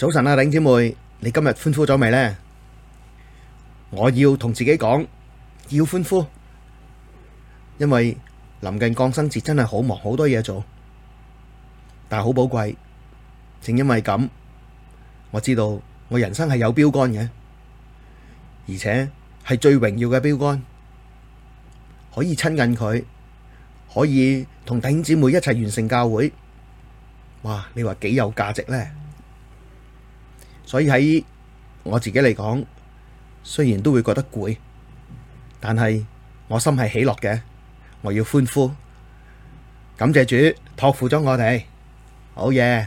早晨啊，頂姐妹，你今日歡呼咗未呢？我要同自己講，要歡呼，因為臨近降生節真係好忙，好多嘢做，但係好寶貴。正因為咁，我知道我人生係有標杆嘅，而且係最榮耀嘅標杆，可以親近佢，可以同頂姐妹一齊完成教會。哇，你話幾有價值呢？所以喺我自己嚟講，雖然都會覺得攰，但係我心係喜樂嘅，我要歡呼，感謝主托付咗我哋，好嘢！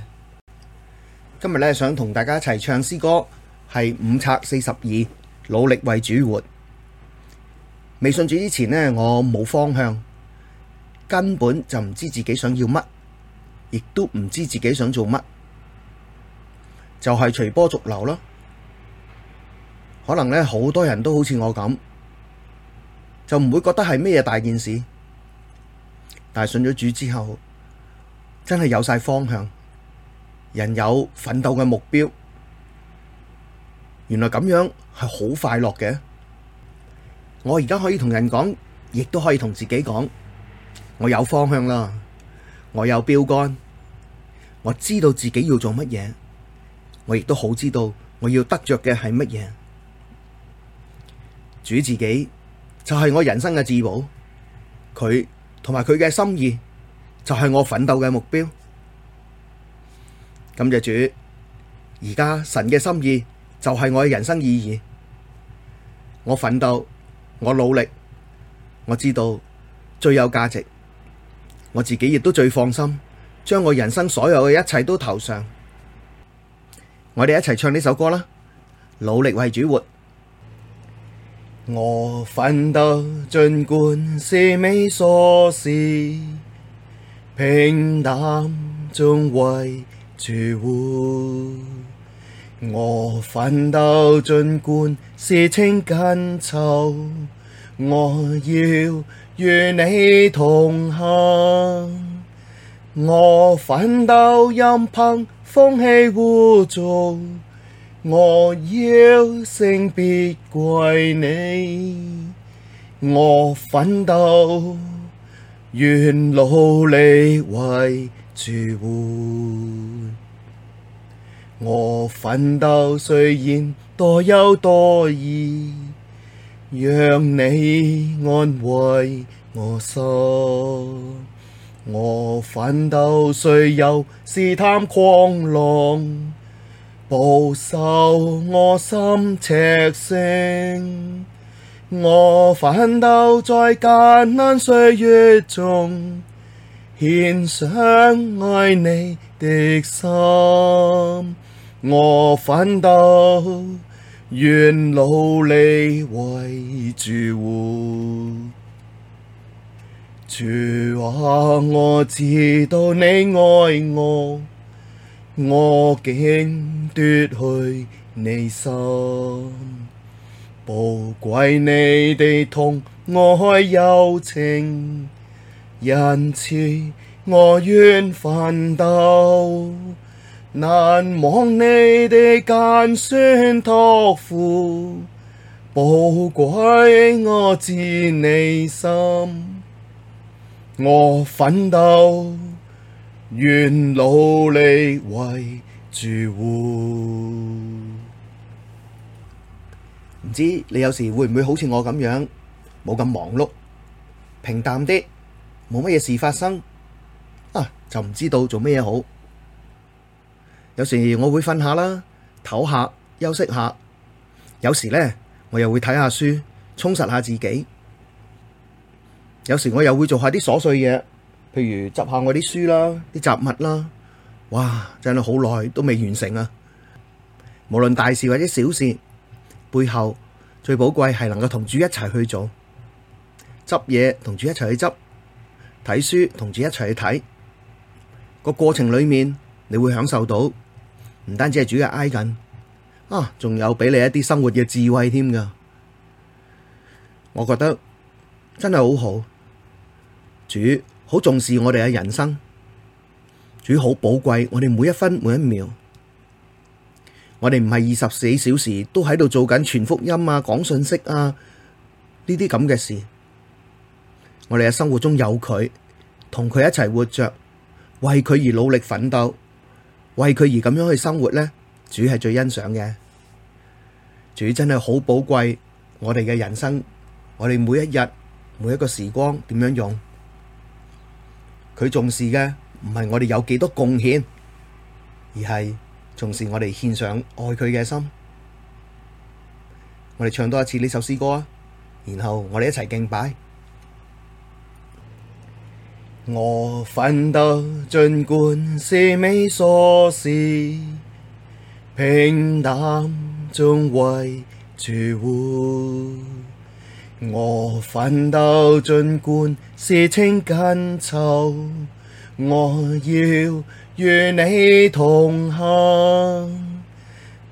今日咧想同大家一齊唱詩歌，係五冊四十二，努力為主活。未信主之前呢，我冇方向，根本就唔知自己想要乜，亦都唔知自己想做乜。就係隨波逐流咯，可能呢，好多人都好似我咁，就唔會覺得係咩嘢大件事。但係信咗主之後，真係有晒方向，人有奮鬥嘅目標。原來咁樣係好快樂嘅。我而家可以同人講，亦都可以同自己講，我有方向啦，我有標竿，我知道自己要做乜嘢。我亦都好知道我要得着嘅係乜嘢，主自己就係我人生嘅至寶，佢同埋佢嘅心意就係我奮鬥嘅目標。感謝主，而家神嘅心意就係我嘅人生意義，我奮鬥，我努力，我知道最有價值，我自己亦都最放心，將我人生所有嘅一切都投上。我哋一齊唱呢首歌啦！努力為主活，我奮鬥儘管是微瑣事，平淡中為主活，我奮鬥儘管事情緊湊，我要與你同行。我奮鬥任憑風氣污俗，我要聖別歸祢。我奮鬥，願努力為主活。我奮鬥，雖然多憂多疑，讓你安慰我心。我奮鬥，雖有試探狂浪，保守我心赤誠。我奮鬥，在艱難歲月中，獻上愛你的心。我奮鬥，願努力為主活。主啊，我知道你愛我，我竟奪去你心，寶貴你的疼愛柔情，因此我願奮鬥，難忘你的揀選託付，寶貴，我知你心。我奮鬥，願努力為主活。唔知你有時會唔會好似我咁樣，冇咁忙碌，平淡啲，冇乜嘢事發生啊，就唔知道做乜嘢好。有時我會瞓下啦，唞下，休息下。有時呢，我又會睇下書，充實下自己。有時我又會做下啲瑣碎嘢，譬如執下我啲書啦、啲雜物啦，哇！真係好耐都未完成啊！無論大事或者小事，背後最寶貴係能夠同主一齊去做，執嘢同主一齊去執，睇書同主一齊去睇，個過程裏面你會享受到，唔單止係主嘅挨緊，啊，仲有俾你一啲生活嘅智慧添噶，我覺得真係好好。主好重視我哋嘅人生，主好寶貴我哋每一分每一秒。我哋唔係二十四小時都喺度做緊全福音啊、講信息啊呢啲咁嘅事。我哋喺生活中有佢，同佢一齊活着，為佢而努力奮鬥，為佢而咁樣去生活呢，主係最欣賞嘅。主真係好寶貴我哋嘅人生，我哋每一日每一個時光點樣用。佢重視嘅唔係我哋有幾多貢獻，而係重視我哋獻上愛佢嘅心。我哋唱多一次呢首詩歌啊，然後我哋一齊敬拜。我奮鬥，儘管是微瑣事，平淡中為主活，我奮鬥盡管事情緊湊，我要與你同行。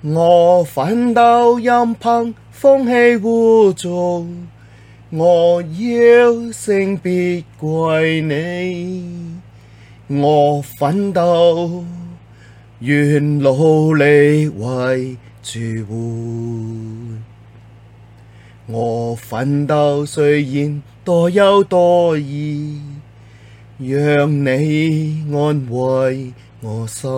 我奮鬥任憑風氣污俗，我要聖別歸祢。我奮鬥願努力為主活。我奮鬥雖然多憂多疑，讓你安慰我心。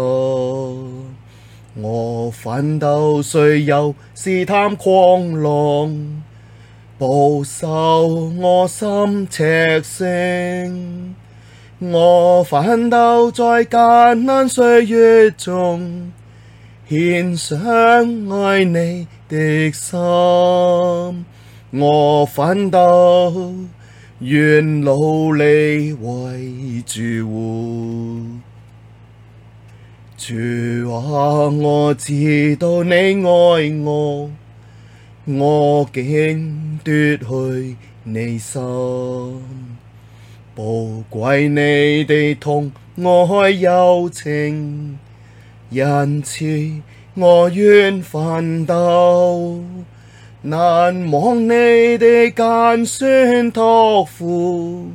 我奮鬥雖有試探狂浪，保守我心赤誠。我奮鬥在艱難歲月中，獻上愛你的心。我奮鬥，願努力為主活。主啊，我知道你愛我，我竟奪去你心。寶貴祢的疼愛柔情，因此我願奮鬥。難忘你的揀選託付，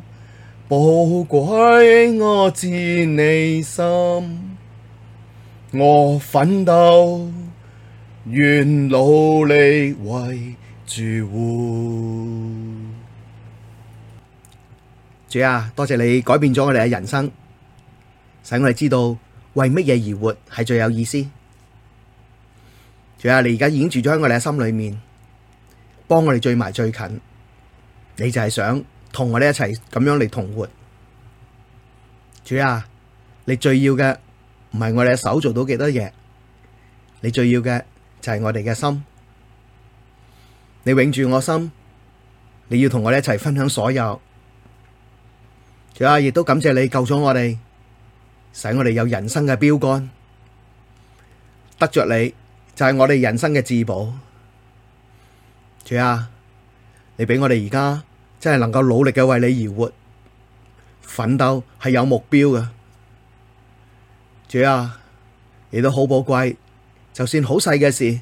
寶貴我知你心，我奮鬥，願努力為主活。主啊，多謝你改變咗我哋嘅人生，使我哋知道為乜嘢而活係最有意思。主啊，你而家已經住咗喺我哋嘅心裏面。幫我哋聚埋最近，你就係想同我哋一齊咁樣嚟同活。主啊，你最要嘅唔係我哋嘅手做到幾多嘢，你最要嘅就係我哋嘅心。你永住我心，你要同我哋一齊分享所有。主啊，亦都感謝你救咗我哋，使我哋有人生嘅標杆。得着你就係我哋人生嘅至寶。主啊，你俾我哋而家真係能夠努力嘅為你而活，奮鬥係有目標嘅。主啊，你都好寶貴，就算好細嘅事，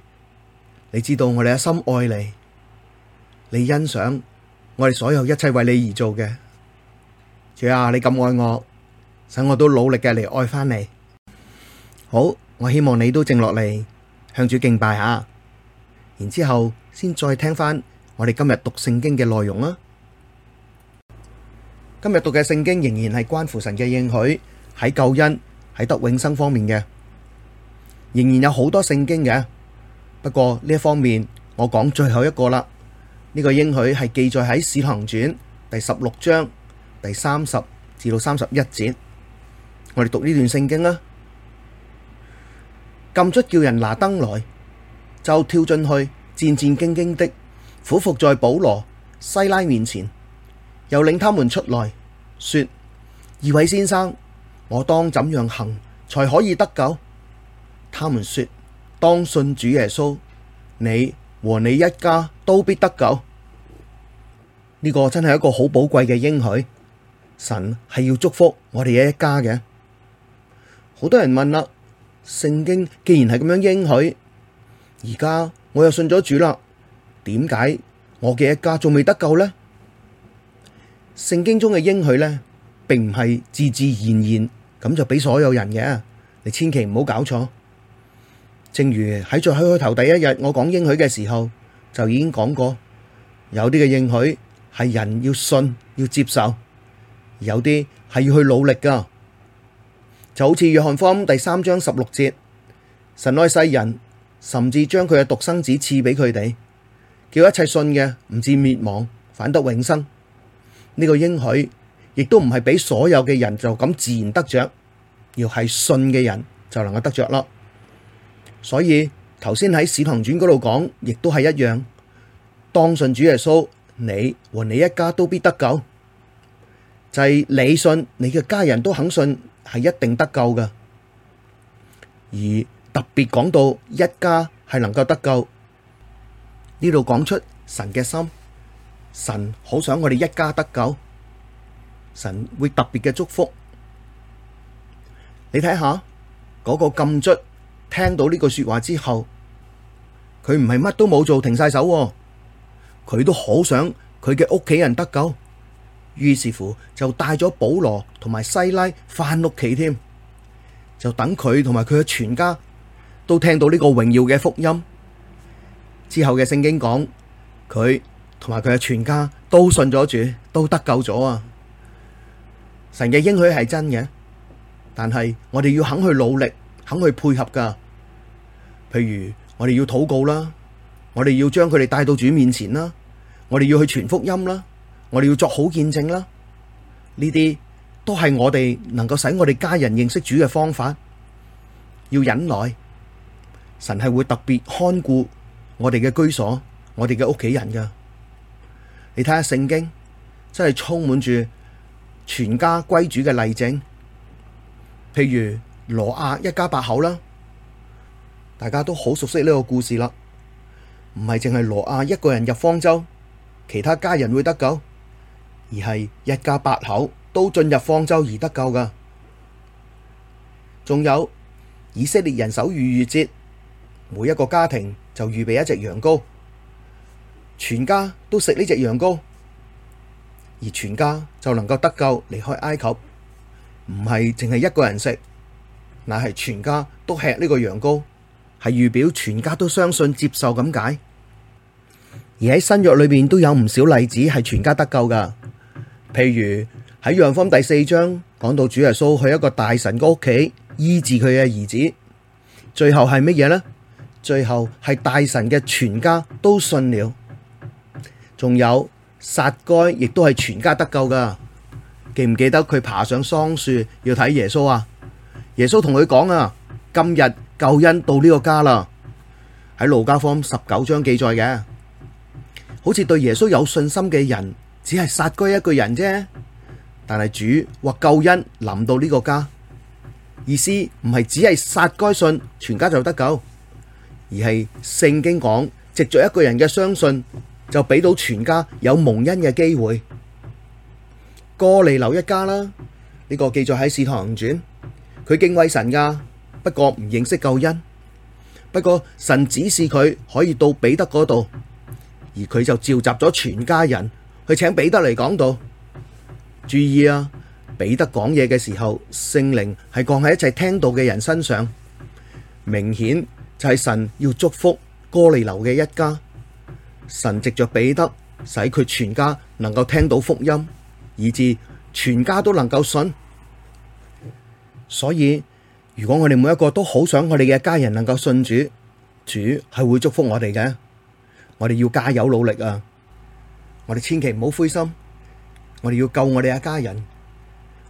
你知道我哋一心愛你，你欣賞我哋所有一切為你而做嘅。主啊，你咁愛我，使我都努力嘅嚟愛翻你。好，我希望你都靜落嚟向主敬拜下。然之後，先再聽翻我哋今日讀聖經嘅內容啦。今日讀嘅聖經仍然係關乎神嘅應許，喺救恩、喺得永生方面嘅，仍然有好多聖經嘅。不過呢一方面，我講最後一個啦。呢、呢個應許係記載喺《使徒行傳》第十六章第三十至到三十一節。我哋讀呢段聖經啦。禁卒叫人拿燈來。就跳進去，戰戰兢兢的俯伏在保羅、西拉面前，又領他們出來，說：二位先生，我當怎樣行才可以得救？他們說：當信主耶穌，你和你一家都必得救。呢個真係一個好寶貴嘅應許，神係要祝福我哋嘅一家嘅。好多人問啦，聖經既然係咁樣應許。而家我又信咗主啦，點解我嘅一家仲未得救呢？聖經中嘅應許呢，並唔係自自然然咁就俾所有人嘅，你千祈唔好搞錯。正如喺最開頭第一日我講應許嘅時候就已經講過，有啲嘅應許係人要信要接受，有啲係要去努力噶，就好似約翰福音第三章十六節，神愛世人。甚至將佢嘅獨生子賜俾佢哋，叫一切信嘅唔至滅亡，反得永生。呢、這個應許亦都唔係俾所有嘅人就咁自然得着，要係信嘅人就能夠得着咯。所以頭先喺《使徒行傳》嗰度講，亦都係一樣，當信主耶穌，你和你一家都必得救。就係、是、你信，你嘅家人都肯信，係一定得救㗎。而特別講到一家係能夠得救，呢度講出神嘅心，神好想我哋一家得救，神會特別嘅祝福。你睇下嗰個禁卒聽到呢句說話之後，佢唔係乜都冇做停晒手，佢都好想佢嘅屋企人得救，於是乎就帶咗保羅同埋西拉返屋企添，就等佢同埋佢嘅全家。都聽到呢個榮耀嘅福音之後嘅聖經講佢同埋佢嘅全家都信咗主，都得救咗啊！神嘅應許係真嘅，但係我哋要肯去努力，肯去配合噶。譬如我哋要禱告啦，我哋要將佢哋帶到主面前啦，我哋要去傳福音啦，我哋要作好見證啦。呢啲都係我哋能夠使我哋家人認識主嘅方法。要忍耐。神係會特別看顧我哋嘅居所，我哋嘅屋企人噶。你睇下聖經，真係充滿住全家歸主嘅例證。譬如羅亞一家八口啦，大家都好熟悉呢個故事啦。唔係淨係羅亞一個人入方舟，其他家人會得救，而係一家八口都進入方舟而得救噶。仲有以色列人守逾越節。每一個家庭就預備一隻羊羔，全家都食呢隻羊羔，而全家就能夠得救離開埃及。唔係淨係一個人食，乃係全家都吃呢個羊羔，係預表全家都相信接受咁解。而喺新約裏面都有唔少例子係全家得救噶，譬如喺《約翰福音》第四章講到主耶穌去一個大臣嘅屋企醫治佢嘅兒子，最後係乜嘢呢？最後係大神嘅全家都信了，仲有殺該亦都係全家得救噶。記唔記得佢爬上桑樹要睇耶穌啊？耶穌同佢講啊，今日救恩到呢個家啦。喺路加福音十九章記載嘅，好似對耶穌有信心嘅人只係殺該一個人啫，但係主話救恩臨到呢個家，意思唔係只係殺該信，全家就得救。而係聖經講，藉着一個人嘅相信，就俾到全家有蒙恩嘅機會。哥尼流一家啦，呢、這個記載喺使徒行傳，佢敬畏神噶，不過唔認識救恩。不過神指示佢可以到彼得嗰度，而佢就召集咗全家人去請彼得嚟講道。注意啊，彼得講嘢嘅時候，聖靈係降喺一切聽到嘅人身上，明顯。就係神要祝福哥利流嘅一家，神藉着彼得使佢全家能夠聽到福音，以至全家都能夠信。所以如果我哋每一個都好想我哋嘅家人能夠信主，主係會祝福我哋嘅，我哋要加油努力啊！我哋千祈唔好灰心，我哋要救我哋一家人，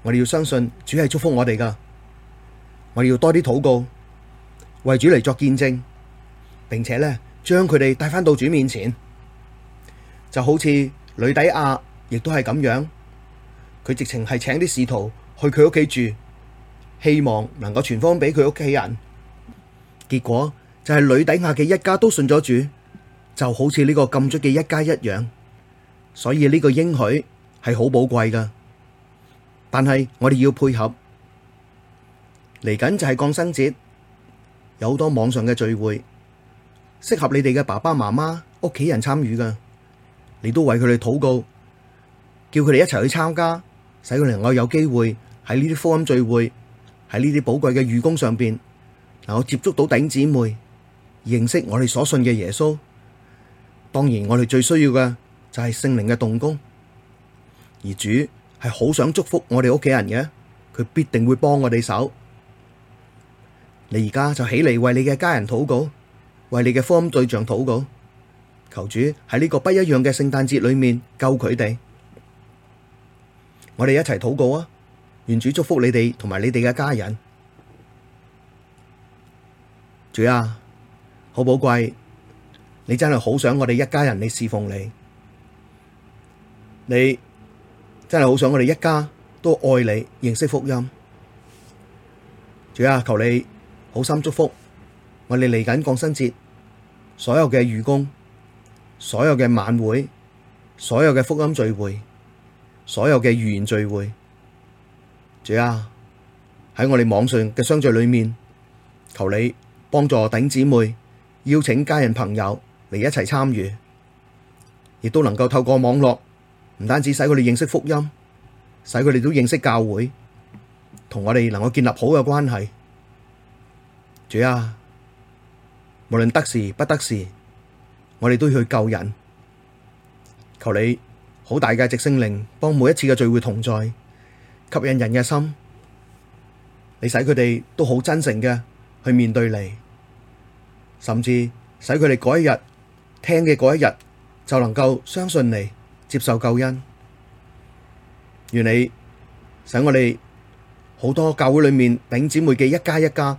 我哋要相信主係祝福我哋噶，我哋要多啲禱告。為主嚟作見證，並且呢將佢哋帶返到主面前，就好似呂底亞亦都係咁樣，佢直情係請啲使徒去佢屋企住，希望能夠傳方俾佢屋企人。結果就係呂底亞嘅一家都信咗主，就好似呢個禁卒嘅一家一樣。所以呢個應許係好寶貴㗎，但係我哋要配合。嚟緊就係降生節。有好多網上嘅聚會，適合你哋嘅爸爸媽媽、屋企人參與噶，你都為佢哋禱告，叫佢哋一齊去參加，使佢哋能夠有機會喺呢啲福音聚會，喺呢啲寶貴嘅預工上邊，能夠接觸到弟兄姊妹，認識我哋所信嘅耶穌。當然我哋最需要嘅就係聖靈嘅動工，而主係好想祝福我哋屋企人嘅，佢必定會幫我哋手。你而家就起嚟為你嘅家人禱告，為你嘅福音對象禱告，求主喺呢個不一樣嘅聖誕節裏面救佢哋。我哋一齊禱告啊！願主祝福你哋同埋你哋嘅家人。主啊，好寶貴，你真係好想我哋一家人嚟侍奉你，你真係好想我哋一家都愛你，認識福音。主啊，求你。好心祝福我哋嚟緊降生節，所有嘅義工，所有嘅晚會，所有嘅福音聚會，所有嘅預言聚會，主啊，喺我哋網上嘅相聚裏面，求你幫助頂姊妹邀請家人朋友嚟一齊參與，亦都能夠透過網絡，唔單止使佢哋認識福音，使佢哋都認識教會，同我哋能夠建立好嘅關係。主啊，無論得時不得時，我哋都要去救人。求你好大嘅直升靈幫每一次嘅聚會同在，吸引人嘅心，你使佢哋都好真誠嘅去面對你，甚至使佢哋嗰一日聽嘅嗰一日就能夠相信你，接受救恩。願你使我哋好多教會裏面弟姊妹嘅一家一家。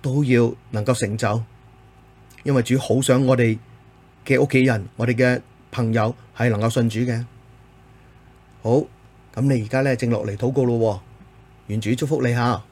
都要能夠成就，因為主好想我哋嘅屋企人，我哋嘅朋友係能夠信主嘅。好，咁你而家咧靜落嚟禱告咯，願主祝福你下。